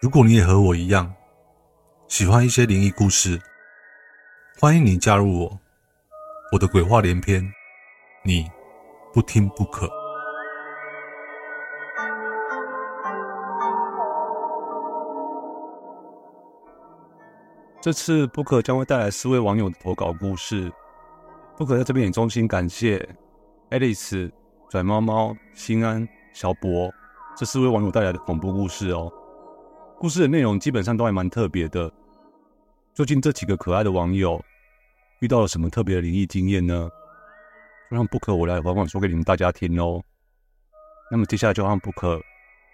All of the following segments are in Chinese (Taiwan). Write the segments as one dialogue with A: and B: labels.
A: 如果你也和我一樣喜歡一些靈異故事，歡迎你加入我。我的鬼話連篇，你不聽不可。這次 Book 將會帶來四位網友的投稿故事。Book 在這邊也衷心感謝 Alex Lee、跩貓貓、馨安、小柏這四位網友帶來的恐怖故事哦。故事的內容基本上都還蠻特別的。究竟這幾個可愛的網友遇到了什麼特別的靈異經驗呢？讓 Book 我來緩緩說給你們大家聽哦。那麼接下來就讓 Book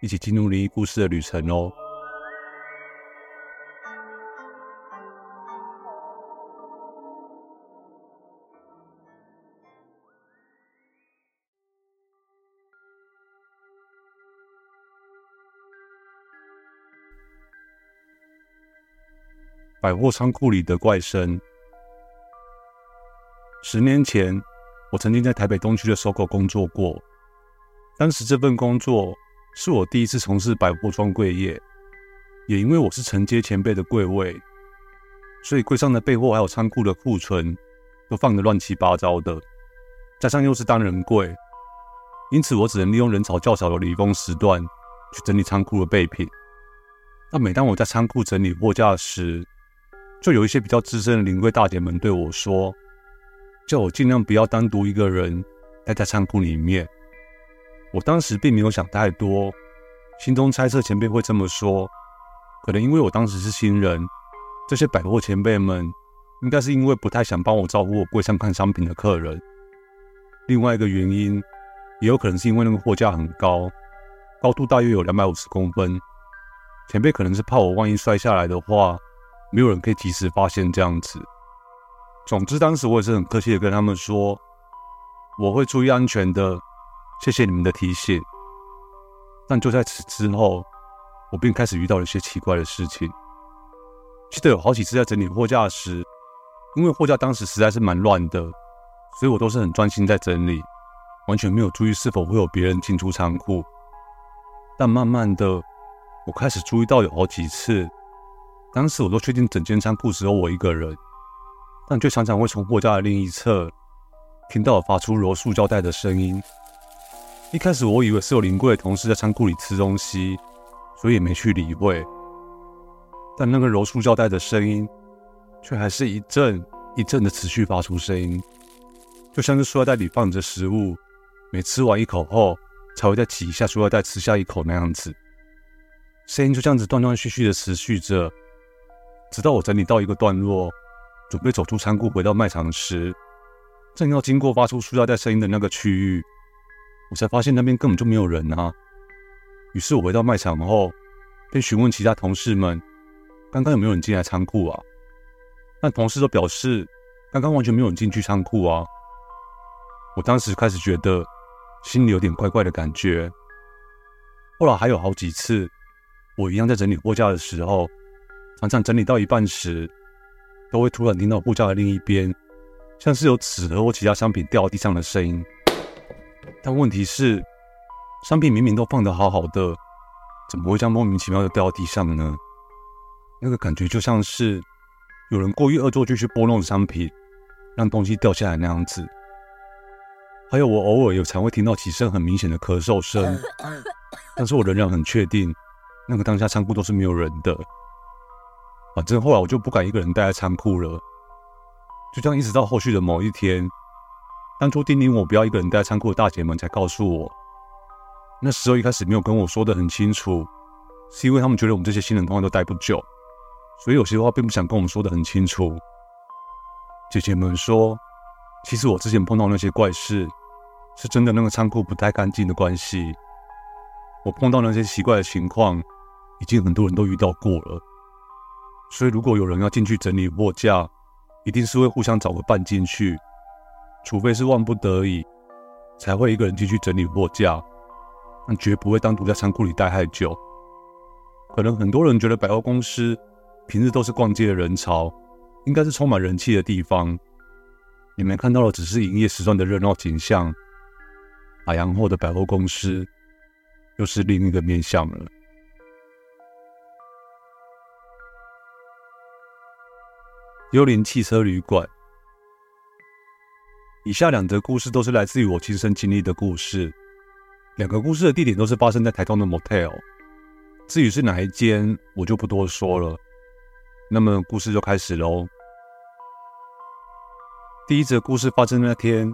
A: 一起進入靈異故事的旅程哦。百貨倉庫裡的怪聲。十年前，我曾經在台北東區的 SOGO 工作過。當時這份工作是我第一次從事百貨專櫃業，也因為我是承接前輩的櫃位，所以櫃上的備貨還有倉庫的庫存都放得亂七八糟的。加上又是單人櫃，因此我只能利用人潮較少的離峰時段去整理倉庫的備品。那每當我在倉庫整理貨架時，就有一些比較資深的臨櫃大姐們對我說：“叫我盡量不要單獨一個人待在倉庫裡面。”我當時並沒有想太多，心中猜測前輩會這麼說，可能因為我當時是新人，這些百貨前輩們應該是因為不太想幫我照顧我櫃上看商品的客人。另外一個原因，也有可能是因為那個貨架很高，高度大約有兩百五十公分，前輩可能是怕我萬一摔下來的話。沒有人可以及時發現這樣子。總之，當時我也是很客氣地跟他們說，我會注意安全的，謝謝你們的提醒。但就在此之後，我便開始遇到了一些奇怪的事情。記得有好幾次在整理貨架時，因為貨架當時實在是蠻亂的，所以我都是很專心在整理，完全沒有注意是否會有別人進出倉庫。但慢慢的，我開始注意到有好幾次。當時我都確定整間倉庫只有我一個人，但卻常常會從貨架的另一側聽到我發出揉塑膠袋的聲音。一開始我以為是有鄰櫃的同事在倉庫裡吃東西，所以也沒去理會。但那個揉塑膠袋的聲音，卻還是一陣一陣的持續發出聲音，就像是塑膠袋裡放着食物，每吃完一口後，才會再擠一下塑膠袋吃下一口那樣子。聲音就這樣子斷斷續續續的持續着。直到我整理到一個段落，準備走出倉庫回到賣場時，正要經過發出塑料袋聲音的那個區域，我才發現那邊根本就沒有人啊。於是，我回到賣場後，便詢問其他同事們：“剛剛有沒有人進來倉庫啊？”但同事都表示：“剛剛完全沒有人進去倉庫啊。”我當時開始覺得心裡有點怪怪的感覺。後來還有好幾次，我一樣在整理貨架的時候。常常整理到一半時，都會突然聽到貨架的另一邊，像是有紙盒或其他商品掉到地上的聲音。但問題是，商品明明都放得好好的，怎麼會這樣莫名其妙的掉到地上呢？那個感覺就像是有人故意惡作劇去撥弄商品，讓東西掉下來那樣子。還有，我偶爾也常會聽到幾聲很明顯的咳嗽聲，但是我仍然很確定，那個當下倉庫都是沒有人的。反正後來我就不敢一個人待在倉庫了，就這樣一直到後續的某一天，當初叮嚀我不要一個人待在倉庫的大姐們才告訴我。那時候一開始沒有跟我說的很清楚，是因為他們覺得我們這些新人通常都待不久，所以有些話並不想跟我們說的很清楚。姐姐們說，其實我之前碰到那些怪事，是真的那個倉庫不太乾淨的關係，我碰到那些奇怪的情況，已經很多人都遇到過了。所以，如果有人要進去整理貨架，一定是會互相找個伴進去，除非是萬不得已才會一個人進去整理貨架，但絕不會單獨在倉庫裡待太久。可能很多人覺得百貨公司平日都是逛街的人潮，應該是充滿人氣的地方，你們看到的只是營業時段的熱鬧景象，打烊後的百貨公司又是另一個面向了。幽靈汽車旅館。以下兩則故事都是來自於我親身經歷的故事，兩個故事的地點都是發生在台東的 Motel，至於是哪一間，我就不多說了。那麼故事就開始嘍。第一則故事發生那天，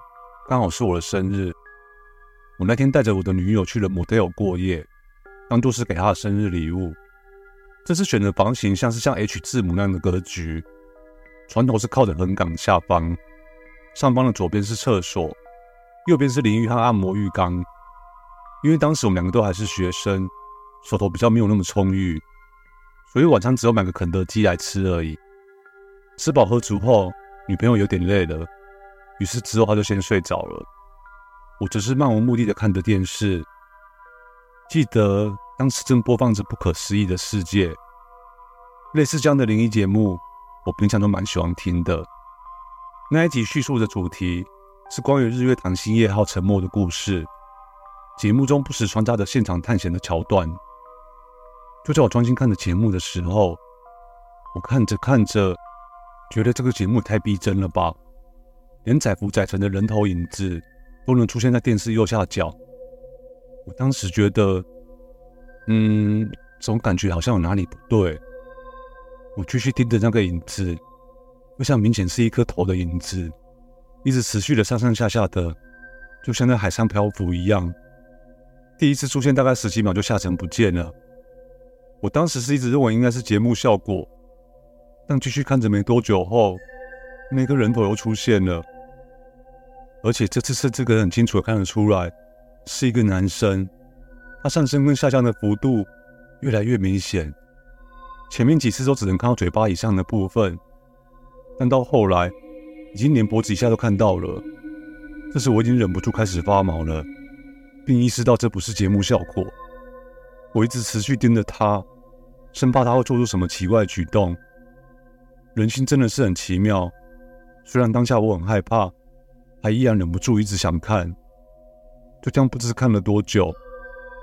A: 剛好是我的生日，我那天帶着我的女友去了 Motel 過夜，當作是給她的生日禮物。這次選的房型像是像 H 字母那樣的格局。床頭是靠着橫槓下方，上方的左邊是廁所，右邊是淋浴和按摩浴缸。因為當時我們兩個都還是學生，手頭比較沒有那麼充裕，所以晚餐只有買個肯德基來吃而已。吃飽喝足後，女朋友有點累了，於是之後她就先睡着了。我只是漫無目的的看着電視，記得當時正播放着《不可思議的世界》，類似這樣的靈異節目。我平常都蠻喜歡聽的。那一集敘述的主題是關於日月潭星夜號沉沒的故事。節目中不時穿插着現場探險的橋段。就在我專心看着節目的時候，我看着看着，覺得這個節目太逼真了吧？連載浮載沉的人頭影子都能出現在電視右下角。我當時覺得，嗯，總感覺好像有哪裡不對。我繼續盯着那個影子，就像明顯是一顆頭的影子，一直持續的上上下下的，就像在海上漂浮一樣。第一次出現大概十幾秒就下沉不見了。我當時是一直認為應該是節目效果，但繼續看着沒多久後，那個人頭又出現了，而且這次是這個很清楚的看得出來是一個男生，他上升跟下降的幅度越來越明顯。前面幾次都只能看到嘴巴以上的部分，但到後來已經連脖子以下都看到了。這時我已經忍不住開始發毛了，並意識到這不是節目效果。我一直持續盯着他，生怕他會做出什麼奇怪的舉動。人心真的是很奇妙，雖然當下我很害怕，還依然忍不住一直想看。就這樣不知看了多久，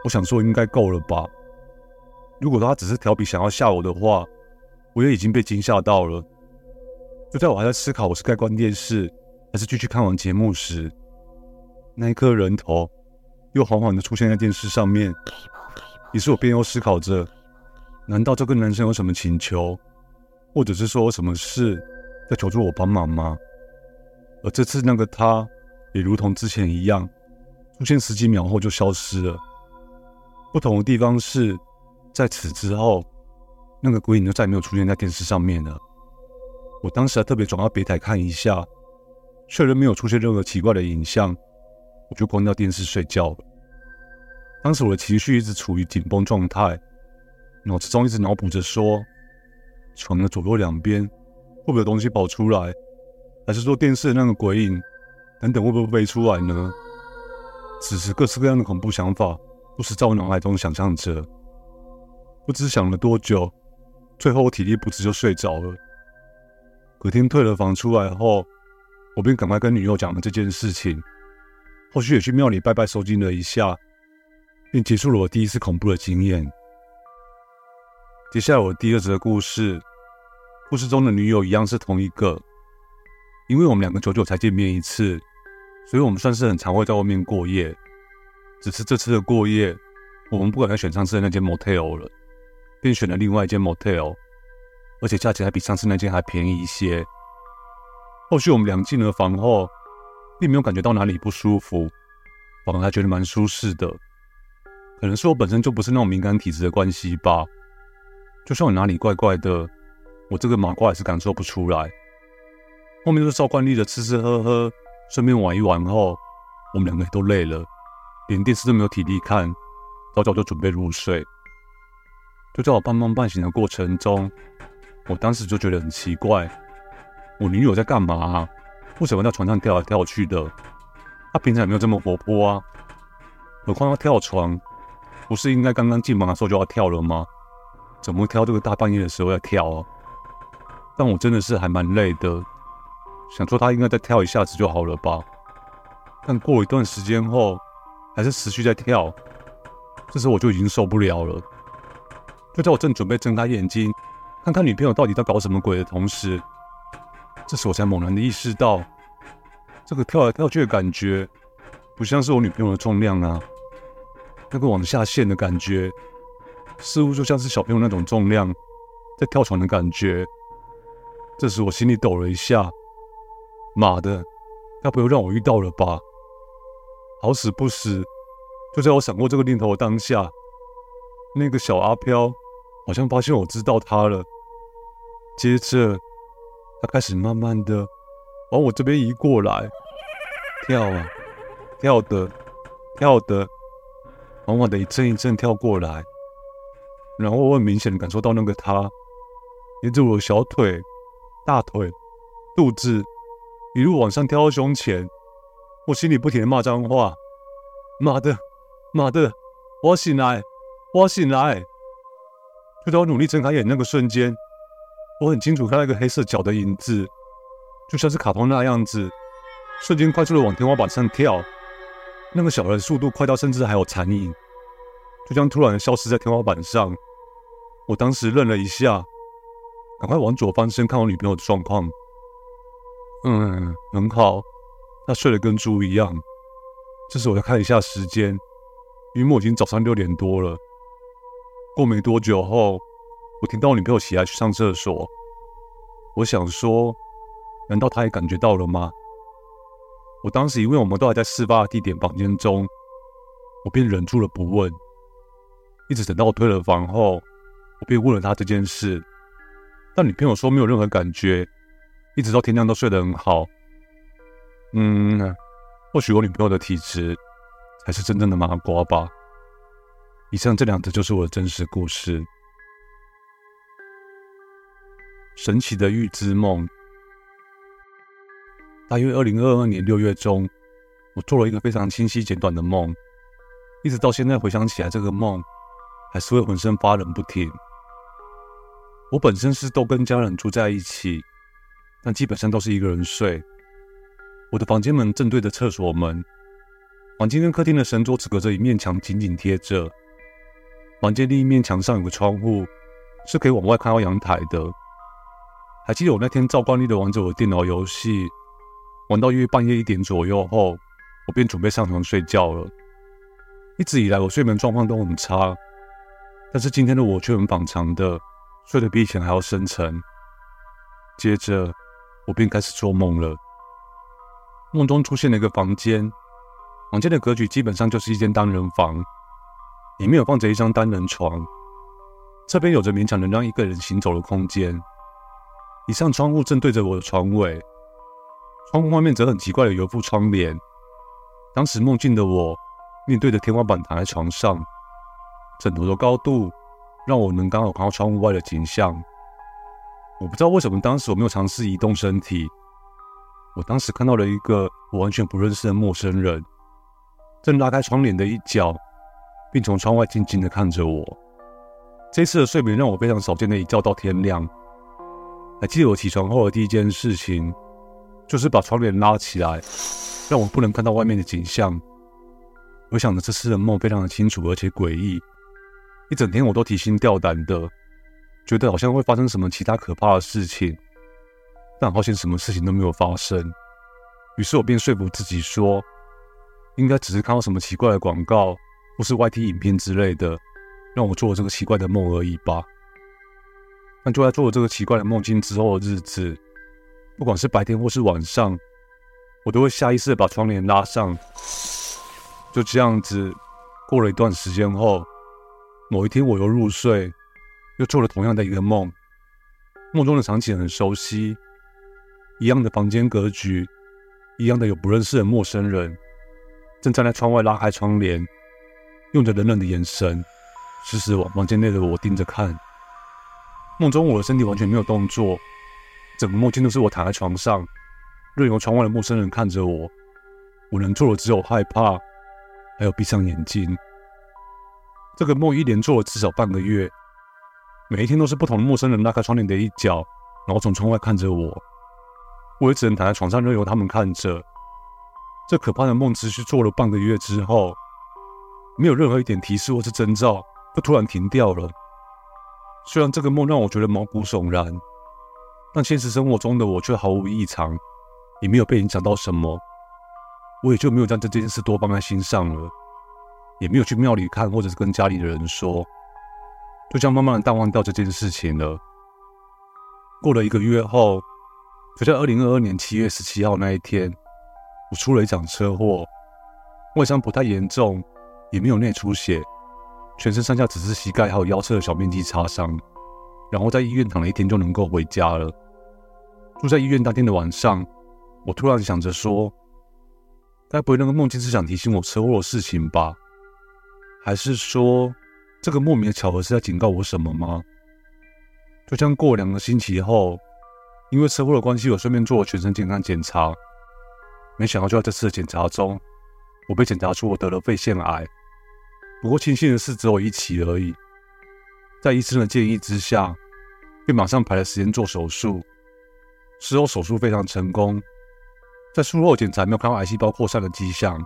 A: 我想說應該夠了吧。如果他只是調皮想要嚇我的話，我也已經被驚嚇到了。就在我還在思考我是該關電視還是繼續看完節目時，那一顆人頭又緩緩地出現在電視上面。於是我便又思考着，難道這個男生有什麼請求，或者是說有什麼事在求助我幫忙嗎？而這次那個他也如同之前一樣，出現十幾秒後就消失了。不同的地方是。在此之後，那個鬼影就再也沒有出現在電視上面了。我當時還特別轉到別台看一下，確認沒有出現任何奇怪的影像。我就關掉電視睡覺了。當時我的情緒一直處於緊繃狀態，腦子中一直腦補着說：床的左右兩邊會不會有東西跑出來？還是說電視的那個鬼影等等會不會飛出來呢？此時，各式各樣的恐怖想法不時在我腦海中想象着。不知想了多久，最後我體力不支就睡着了。隔天退了房出來後，我便趕快跟女友講了這件事情。後續也去廟裡拜拜，收驚了一下，便結束了我第一次恐怖的經驗。接下來我的第二則故事，故事中的女友一樣是同一個。因為我們兩個久久才見面一次，所以我們算是很常會在外面過夜。只是這次的過夜，我們不敢再選上次的那間 motel 了。便選了另外一間 motel，而且價錢還比上次那間還便宜一些。後續我們兩進了房後，並沒有感覺到哪裡不舒服，反而還覺得蠻舒適的，可能是我本身就不是那種敏感體質的關係吧。就算我哪裡怪怪的，我這個麻瓜也是感受不出來。後面就照慣例的吃吃喝喝，順便玩一玩後，我們兩個也都累了，連電視都沒有體力看，早早就準備入睡。就在我半夢半，半醒的過程中，我當時就覺得很奇怪，我女友在幹嘛，啊？為什麼在床上跳來跳去的？她、啊、平常也沒有這麼活潑啊！何況她跳床，不是應該剛剛進門的時候就要跳了嗎？怎麼會跳這個大半夜的時候要跳，啊？但我真的是還蠻累的，想說她應該再跳一下子就好了吧。但過一段時間後，還是持續在跳，這時候我就已經受不了了。就在我正準備睜開眼睛，看看女朋友到底在搞什麼鬼的同時，這時我才猛然的意識到，這個跳來跳去的感覺，不像是我女朋友的重量啊，那個往下陷的感覺，似乎就像是小朋友那種重量，在跳床的感覺。這時我心裡抖了一下，媽的，該不會讓我遇到了吧？好死不死，就在我閃過這個念頭的當下，那個小阿飄，好像發現我知道他了，接着他開始慢慢的往我這邊移過來，跳啊跳的跳的，緩緩的一陣一陣跳過來，然後我很明顯的感受到那個他沿着我的小腿、大腿、肚子一路往上跳到胸前，我心裡不停的罵髒話：“媽的媽的，我醒來，我醒來！”就在我努力睜開眼那個瞬間，我很清楚看到一個黑色腳的影子，就像是卡通那樣子，瞬間快速的往天花板上跳。那個小人速度快到甚至還有殘影，就像突然消失在天花板上。我當時愣了一下，趕快往左翻身看我女朋友的狀況。嗯，很好，她睡得跟豬一樣。這時我才看一下時間，因為我已經早上六點多了。過沒多久後，我聽到我女朋友起來去上廁所，我想說，難道她也感覺到了嗎？我當時因為我們都還在事發的地點房間中，我便忍住了不問，一直等到我退了房後，我便問了她這件事。但女朋友說沒有任何感覺，一直到天亮都睡得很好。嗯，或許我女朋友的體質才是真正的麻瓜吧。以上這兩則就是我的真實故事。神奇的預知夢，大約二零二二年六月中，我做了一個非常清晰簡短的夢，一直到現在回想起來，這個夢還是會渾身發冷不停。我本身是都跟家人住在一起，但基本上都是一個人睡。我的房間門正對着廁所門，房間跟客廳的神桌只隔着一面牆緊緊貼着。房間另一面牆上有個窗戶，是可以往外看到陽台的。還記得我那天照慣例的玩着我的電腦遊戲，玩到約半夜一點左右後，我便準備上床睡覺了。一直以來我睡眠狀況都很差，但是今天的我卻很反常的睡得比以前還要深沉。接着我便開始做夢了，夢中出現了一個房間，房間的格局基本上就是一間單人房。裡面有放着一張單人床，這邊有着勉強能讓一個人行走的空間。一扇窗戶正對着我的床尾，窗戶外面則很奇怪的有副窗簾。當時夢境的我面對着天花板躺在床上，枕頭的高度讓我能剛好看到窗戶外的景象。我不知道為什麼當時我沒有嘗試移動身體。我當時看到了一個我完全不認識的陌生人，正拉開窗簾的一角。並從窗外靜靜地看着我。這次的睡眠讓我非常少見的一覺到天亮。還記得我起床後的第一件事情，就是把窗簾拉起來，讓我不能看到外面的景象。我想着這次的夢非常的清楚，而且詭異。一整天我都提心吊膽的，覺得好像會發生什麼其他可怕的事情。但好像什麼事情都沒有發生。於是，我便說服自己說，應該只是看到什麼奇怪的廣告。不是 YT 影片之類的，讓我做了這個奇怪的夢而已吧。但就在做了這個奇怪的夢境之後的日子，不管是白天或是晚上，我都會下意識的把窗簾拉上。就這樣子過了一段時間後，某一天我又入睡，又做了同樣的一個夢。夢中的場景很熟悉，一樣的房間格局，一樣的有不認識的陌生人，正站在窗外拉開窗簾。用着冷冷的眼神，死死往房間內的我盯着看。夢中我的身體完全沒有動作，整個夢境都是我躺在床上，任由窗外的陌生人看着我。我能做的只有害怕，還有閉上眼睛。這個夢一連做了至少半個月，每一天都是不同的陌生人拉開窗簾的一角，然後從窗外看着我。我也只能躺在床上任由他們看着。這可怕的夢持續做了半個月之後，沒有任何一點提示或是徵兆，就突然停掉了。雖然這個夢讓我覺得毛骨悚然，但現實生活中的我卻毫無異常，也沒有被影響到什麼，我也就沒有將這件事多放在心上了，也沒有去廟裡看或者是跟家裡的人說，就這樣慢慢的淡忘掉這件事情了。過了一個月後，就在二零二二年七月十七號那一天，我出了一場車禍，外傷不太嚴重。也沒有內出血，全身上下只是膝蓋還有腰側的小面積擦傷，然後在醫院躺了一天就能夠回家了。住在醫院當天的晚上，我突然想着說：“該不會那個夢境是想提醒我車禍的事情吧？還是說這個莫名的巧合是在警告我什麼嗎？”就這樣過了兩個星期後，因為車禍的關係，我順便做了全身健康檢查，沒想到就在這次的檢查中，我被檢查出我得了肺腺癌。不過慶幸的是，只有一期而已。在醫生的建議之下，便馬上排了時間做手術。事後手術非常成功，在術後檢查沒有看到癌細胞擴散的跡象。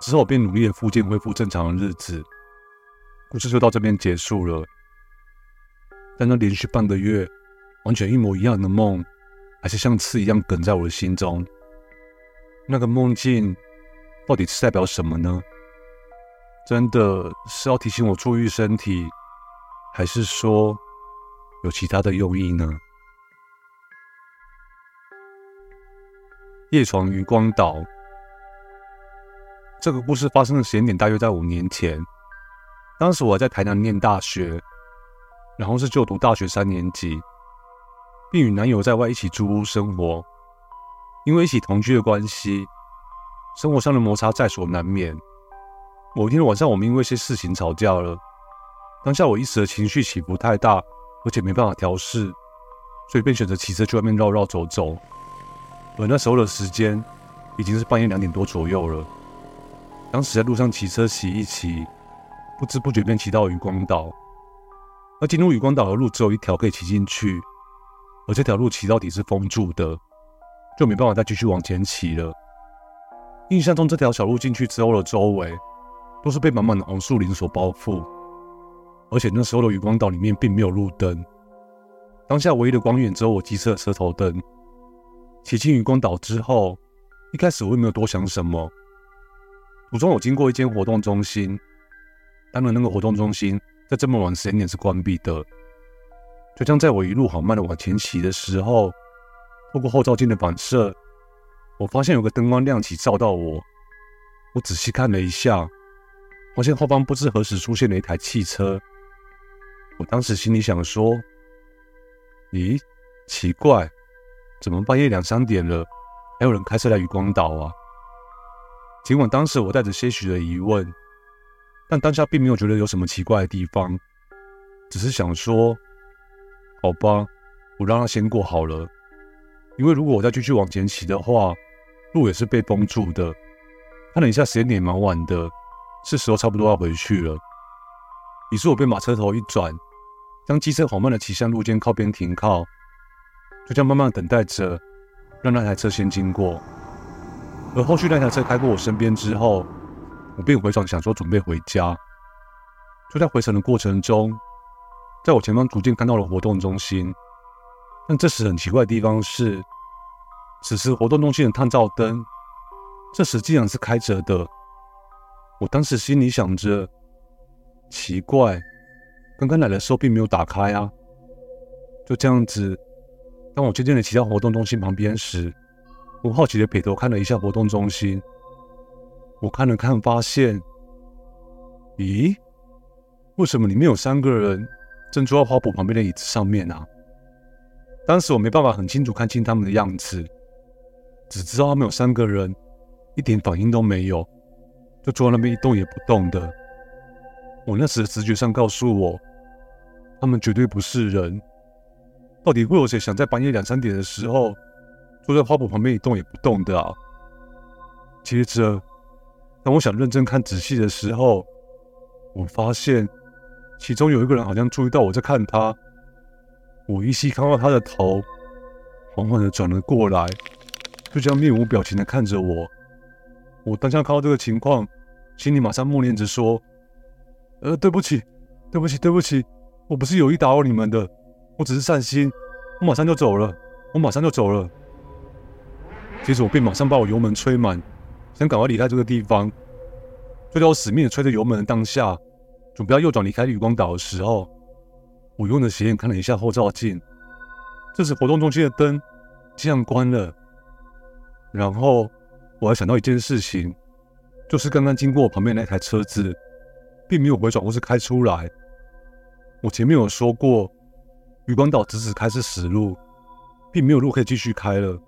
A: 之後便努力的復健，恢復正常的日子。故事就到這邊結束了。但那連續半個月完全一模一樣的夢，還是像刺一樣梗在我的心中。那個夢境到底是代表什麼呢？真的是要提醒我注意身體，還是說有其他的用意呢？夜闖漁光島，這個故事發生的時間點大約在五年前，當時我還在台南念大學，然後是就讀大學三年級，並與男友在外一起租屋生活。因為一起同居的關係，生活上的摩擦在所難免。某一天的晚上，我們因為一些事情吵架了。當下我一時的情緒起伏太大，而且沒辦法調適，所以便選擇騎車去外面繞繞走走。而那時候的時間已經是半夜兩點多左右了。當時在路上騎車騎一騎，不知不覺便騎到了漁光島。而進入漁光島的路只有一條可以騎進去，而這條路騎到底是封住的，就沒辦法再繼續往前騎了。印象中，這條小路進去之後的周圍。都是被滿滿的紅樹林所包覆，而且那時候的漁光島裡面並沒有路燈。當下唯一的光源只有我機車的車頭燈。騎進漁光島之後，一開始我也沒有多想什麼。途中我經過一間活動中心，當然那個活動中心在這麼晚的時間點是關閉的。就像在我一路緩慢的往前騎的時候，透過後照鏡的反射，我發現有個燈光亮起照到我。我仔細看了一下。發現後方不知何時出現了一台汽車，我當時心裡想說：“咦，奇怪，怎麼半夜兩三點了還有人開車來漁光島啊？”儘管當時我帶着些許的疑問，但當下並沒有覺得有什麼奇怪的地方，只是想說：“好吧，我讓他先過好了。”因為如果我再繼續往前騎的話，路也是被封住的。看了一下時間點，蠻晚的。是時候差不多要回去了。於是我便把車頭一轉，將機車緩慢的騎向路肩靠邊停靠，就這樣慢慢等待着，讓那台車先經過。而後續那台車開過我身邊之後，我便回轉想說準備回家。就在回程的過程中，在我前方逐漸看到了活動中心。但這時很奇怪的地方是，此時活動中心的探照燈，這時竟然是開着的。我當時心裡想着，奇怪，剛剛來的時候並沒有打開啊，就這樣子。當我漸漸的騎到活動中心旁邊時，我好奇的撇頭看了一下活動中心。我看了看，發現，咦，為什麼裡面有三個人正坐在花圃旁邊的椅子上面啊？當時我沒辦法很清楚看清他們的樣子，只知道他們有三個人，一點反應都沒有。就坐在那邊一動也不動的。我那時的直覺上告訴我，他們絕對不是人。到底會有誰想在半夜兩三點的時候坐在花圃旁邊一動也不動的啊？接着，當我想認真看仔細的時候，我發現其中有一個人好像注意到我在看他。我依稀看到他的頭緩緩地轉了過來，就這樣面無表情地看着我。我當下看到這個情況。心裡馬上默念着說：“呃，對不起，對不起，對不起，我不是有意打擾你們的，我只是散心，我馬上就走了，我馬上就走了。”接着我便馬上把我油門吹滿，想趕快離開這個地方。就在我死命的吹着油門的當下，準備要右轉離開漁光島的時候，我用着斜眼看了一下後照鏡，這時活動中心的燈竟然關了。然後我還想到一件事情。就是剛剛經過我旁邊那台車子，並沒有回轉或是開出來。我前面有說過，漁光島直直開是死路，並沒有路可以繼續開了，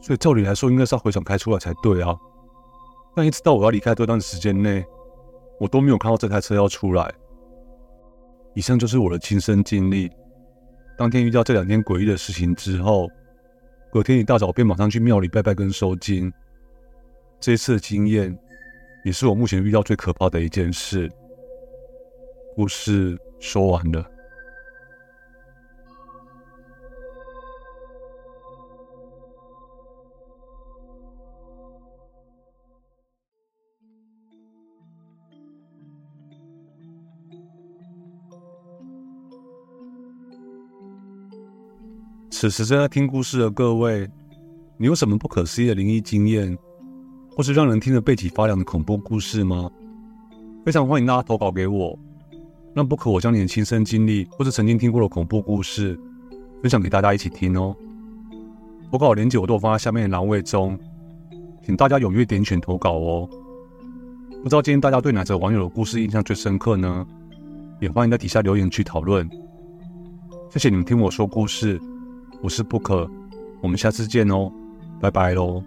A: 所以照理來說應該是要回轉開出來才對啊。但一直到我要離開的這段時間內，我都沒有看到這台車要出來。以上就是我的親身經歷。當天遇到這兩件詭異的事情之後，隔天一大早便馬上去廟裡拜拜跟收驚。這一次的經驗，也是我目前遇到最可怕的一件事，故事說完了。此時正在聽故事的各位，你有什麼不可思議的靈異經驗，或是讓人聽着背脊發涼的恐怖故事嗎？非常歡迎大家投稿給我，讓 Book 我將你的親身經歷或是曾經聽過的恐怖故事分享給大家一起聽哦。投稿的鏈接我都放在下面的欄位中，請大家踴躍點選投稿哦。不知道今天大家對哪則網友的故事印象最深刻呢？也歡迎在底下留言去討論。謝謝你們聽我說故事，我是 Book 我，我們下次見哦，拜拜嘍。